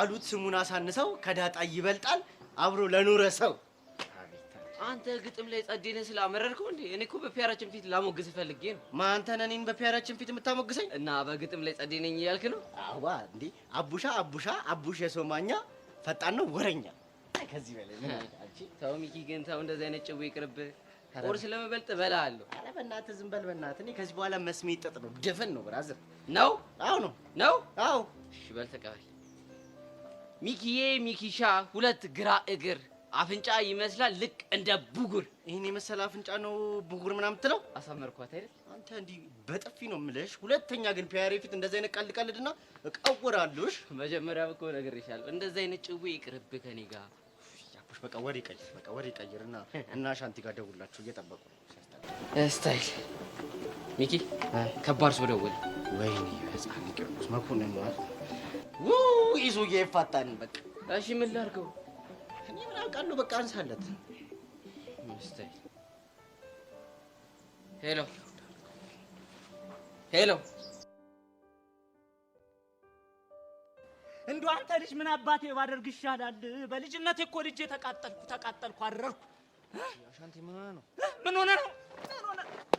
አሉት ስሙን አሳንሰው ከዳጣ ይበልጣል አብሮ ለኖረ ሰው። አንተ ግጥም ላይ ጸዴነ ስላመረርከው እንዴ? እኔ እኮ በፒያራችን ፊት ላሞግስ ፈልጌ ነው። ማንተን እኔን በፒያራችን ፊት የምታሞግሰኝ? እና በግጥም ላይ ጸዴ ነኝ እያልክ ነው? አዋ እንዴ! አቡሻ አቡሻ አቡሽ የሶማኛ ፈጣን ነው ወረኛ። ከዚህ በላይ ምን ተው ሚኪ፣ ግን ተው እንደዚህ አይነት ጭው ይቅርብ። ቁርስ ለመበልጥ እበላለሁ። ኧረ በእናትህ ዝም በል በእናትህ። እኔ ከዚህ በኋላ መስሜ ይጠጥ ነው ድፍን ነው ብራዘር ነው። አዎ ነው ነው። አዎ እሺ፣ በል ተቀበል ሚኪዬ ሚኪሻ ሁለት ግራ እግር አፍንጫ ይመስላል ልክ እንደ ብጉር ይህን የመሰለ አፍንጫ ነው ብጉር ምናምን የምትለው? አሳመርኳት አይደል? አንተ እንዲህ በጥፊ ነው የምልሽ። ሁለተኛ ግን ፒያሬ ፊት እንደዚህ አይነት ቃል ልቀልድና እቀውራለሽ። መጀመሪያ እኮ ነግሬሻለሁ። እንደዚህ አይነት ጭዌ ይቅርብ ከኔ ጋር በቃ ወሬ ቀይር፣ በቃ ወሬ ቀይር እና እና ሻንቲ ጋር ደውላችሁ እየጠበቁ ስታይል ሚኪ ከባድ ሰው ደወለ። ወይኔ ህፃን ቂርቆስ መኮንን ማለት ነው ይዞ እየፋታን በቃ እሺ፣ ምን ላድርገው? እኔ ምን አውቃለሁ? በቃ አንሳለት። ሄሎ ሄሎ፣ እንዶ አንተ ልጅ ምን አባቴ ባደርግ ይሻላል? በልጅነት እኮ ልጄ ተቃጠልኩ ተቃጠልኩ አደረርኩ። ሻንቲ ምን ሆነ ነው? ምን ሆነ ነው?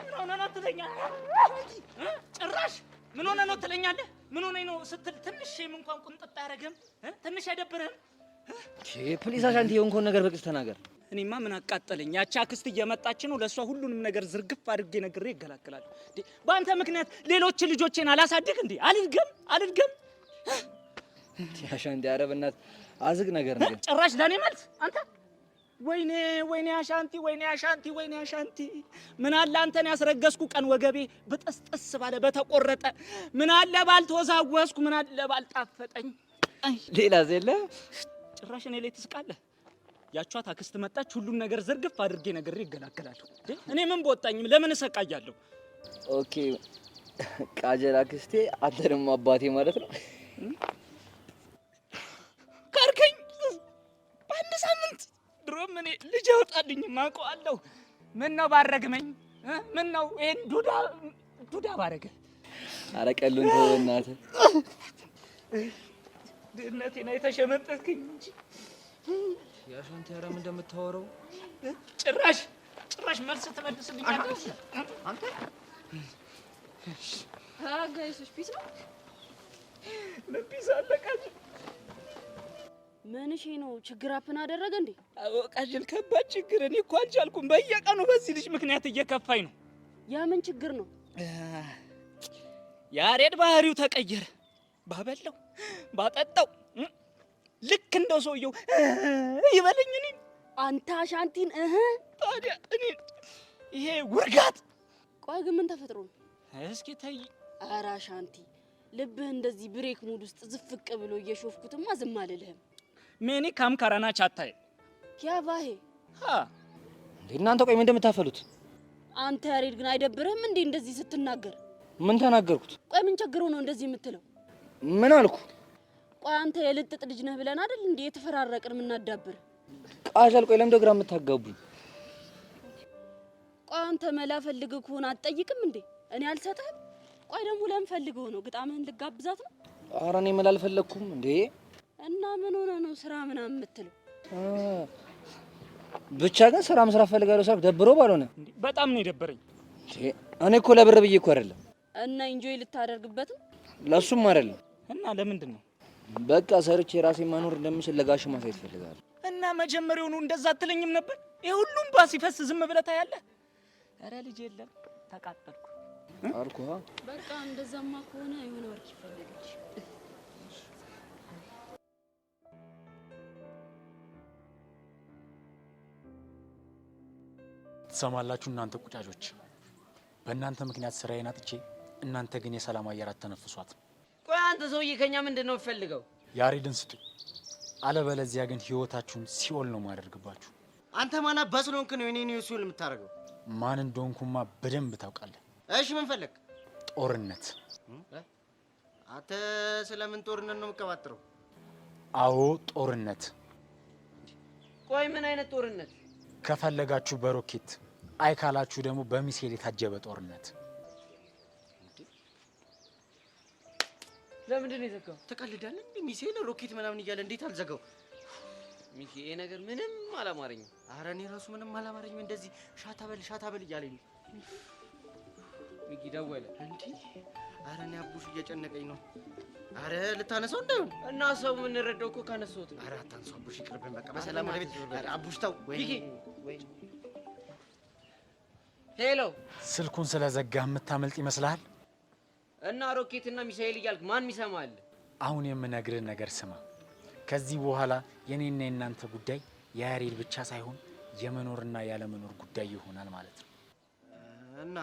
ምን ሆነ ነው ትለኛለህ? ጭራሽ ምን ሆነ ነው ትለኛለህ? ምን ሆነኝ ነው ስትል ትንሽ እንኳን ቁንጥጥ አያደርግህም? ትንሽ አይደብርህም? ፕሊስ አሻንቲ የሆንከውን ነገር በቅጽ ተናገር። እኔማ ምን አቃጠለኝ። ያቺ አክስት እየመጣች ነው። ለእሷ ሁሉንም ነገር ዝርግፍ አድርጌ ነግሬ ይገላግላል። በአንተ ምክንያት ሌሎች ልጆቼን አላሳድግ እንዴ? አልድገም አልድገም። አሻንቲ ኧረ በእናትህ አዝግ ነገር ነገር ጭራሽ ለእኔ ማለት አንተ ወይኔ ወይኔ አሻንቲ ወይኔ አሻንቲ ወይኔ አሻንቲ ምን አለ አንተን ያስረገዝኩ ቀን ወገቤ በጠስጠስ ባለ በተቆረጠ ምን አለ ባልተወዛወዝኩ ምን አለ ባልጣፈጠኝ። ሌላ ዘለ ጭራሽ እኔ ላይ ትስቃለህ። ያቿት አክስት መጣች። ሁሉን ነገር ዝርግፍ አድርጌ ነገር ይገላገላለሁ። እኔ ምን በወጣኝም ለምን እሰቃያለሁ? ኦኬ ቃጀል ክስቴ፣ አንተንም አባቴ ማለት ነው። አይፈቀድኝም አውቀዋለሁ። ምን ነው ባረግመኝ? ምን ነው ይሄን ዱዳ ዱዳ ባረገ? ኧረ ተወናተ ተው በእናትህ። ድህነቴን የተሸመጠስክኝ እንጂ ያሻንተ ያራም እንደምታወረው ጭራሽ ጭራሽ መልስ ትመልስልኛለህ አንተ። ኧረ ጋይሶች ፒስ ነው ለፒስ አለቃችሁ ምንሽ ነው ችግር አፍን አደረገ እንዴ? አወቃጅል ከባድ ችግር። እኔ እኮ አልቻልኩም። በየቀኑ በዚህ ልጅ ምክንያት እየከፋኝ ነው። ያ ምን ችግር ነው? ያሬድ ባህሪው ተቀየረ። ባበላው ባጠጣው ልክ እንደ ሰውየው ይበለኝ። እኔ አንተ አሻንቲን እህ ታዲያ እኔ ይሄ ውርጋት። ቆይ ግን ምን ተፈጥሮ ነው? እስኪ ተይ። ኧረ አሻንቲ ልብህ እንደዚህ ብሬክ ሙድ ውስጥ ዝፍቅ ብሎ እየሾፍኩትማ ዝም አልልህም። मैं नहीं काम कराना चाहता है क्या እናንተ ቆይ ምን እንደምታፈሉት አንተ ያሬድ ግን አይደብርህም እንዴ እንደዚህ ስትናገር ምን ተናገርኩት ቆይ ምን ቸግሮ ነው እንደዚህ የምትለው ምን አልኩ ቆይ አንተ የልጥጥ ልጅ ነህ ብለን አይደል እንዴ የተፈራረቅን የምናዳብር ቃዣል ቆይ ለምን ደግራ የምታጋቡኝ ቆይ አንተ መላ ፈልገህ ከሆነ አትጠይቅም እንዴ እኔ አልሰጥህም ቆይ ደግሞ ለምን ፈልገው ነው ግጣምህን ልጋብዛት ነው አረ እኔ መላ አልፈለግኩም እንዴ እና ምን ሆነ ነው ስራ ምናምን የምትለው? ብቻ ግን ስራ መስራት ፈልጋለሁ ሳልክ ደብሮ ባልሆነ በጣም ነው የደበረኝ። እኔ እኮ ለብር ብዬ እኮ አይደለም። እና ኢንጆይ ልታደርግበት ለሱም አይደለም። እና ለምንድን ነው በቃ ሰርቼ የራሴ ማኖር እንደምችል ለጋሽ ማሳየት ፈልጋለሁ። እና መጀመሪያውኑ እንደዛ አትለኝም ነበር? ይሄ ሁሉም ባስ ይፈስ ዝም ብለህ ታያለህ። ኧረ ልጅ የለም ተቃጠልኩ አልኩህ። በቃ እንደዛማ ከሆነ የሆነ ወርቅ ይፈልጋል ትሰማላችሁ እናንተ ቁጫጮች፣ በእናንተ ምክንያት ስራዬን አጥቼ፣ እናንተ ግን የሰላም አየራት ተነፍሷት። ቆይ አንተ ሰውዬ ከኛ ምንድን ነው ፈልገው? ያሬድን ስጡኝ፣ አለበለዚያ ግን ህይወታችሁን ሲኦል ነው ማደርግባችሁ። አንተ ማና በስሎንክ ነው የኔን ሲኦል የምታደርገው? ማን እንደሆንኩማ በደንብ ታውቃለህ። እሺ ምን ፈለግ? ጦርነት። አንተ ስለምን ጦርነት ነው የምቀባጥረው? አዎ ጦርነት። ቆይ ምን አይነት ጦርነት? ከፈለጋችሁ በሮኬት አይካላችሁ ደግሞ በሚሳኤል የታጀበ ጦርነት። ለምንድን ነው የዘጋው? ተቀልዳለ። ሚሳኤል ሮኬት ምናምን እያለ እንዴት አልዘጋው? ሚኪ ይሄ ነገር ምንም አላማረኝም። ኧረ እኔ ራሱ ምንም አላማረኝም። እንደዚህ ሻታበል ሻታበል እያለኝ ነው። ሚኪ ደወለ እንዴ? ኧረ እኔ አቡሽ እየጨነቀኝ ነው። አረ ልታነሳው እንዳይሆን እና ሰው የምንረዳው እኮ ካነሳሁት። አረ አታንሳው አቡሽ፣ ይቅርብን በቃ በሰላም ወደ ቤት አቡሽ። ተው ሚኪ ሄሎ፣ ስልኩን ስለዘጋ የምታመልጥ ይመስልሃል? እና ሮኬትና ሚሳኤል እያልክ ማን ይሰማል? አሁን የምነግርህ ነገር ስማ። ከዚህ በኋላ የኔና የእናንተ ጉዳይ የያሬድ ብቻ ሳይሆን የመኖርና ያለመኖር ጉዳይ ይሆናል ማለት ነው። እና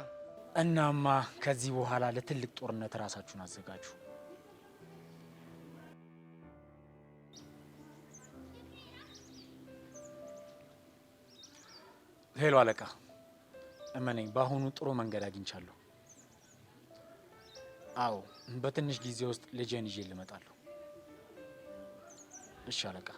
እናማ ከዚህ በኋላ ለትልቅ ጦርነት ራሳችሁን አዘጋጁ። ሄሎ አለቃ፣ እመነኝ፣ በአሁኑ ጥሩ መንገድ አግኝቻለሁ። አዎ፣ በትንሽ ጊዜ ውስጥ ልጄን ይዤ ልመጣለሁ። እሺ አለቃ።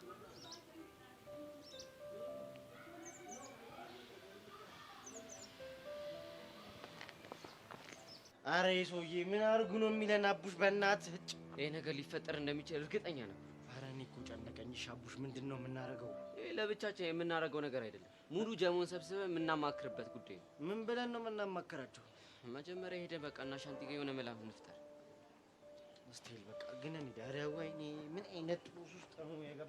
አረ ሰውዬ ምን አርጉ ነው የሚለን? አቡሽ በእናትህ ይህ ነገር ሊፈጠር እንደሚችል እርግጠኛ ነው። አረ እኔ እኮ ጨነቀኝ። አቡሽ ምንድን ነው የምናደርገው? ለብቻችን የምናደርገው ነገር አይደለም። ሙሉ ጀሞን ሰብስበን የምናማክርበት ጉዳይ ነው። ምን ብለን ነው የምናማክራቸው? መጀመሪያ ሄደን በቃ እና ሻንቲ ጋር የሆነ መላም እንፍጠር። ስቴል በቃ ግን እኔ ወይኔ ምን አይነት ውስጥ ነው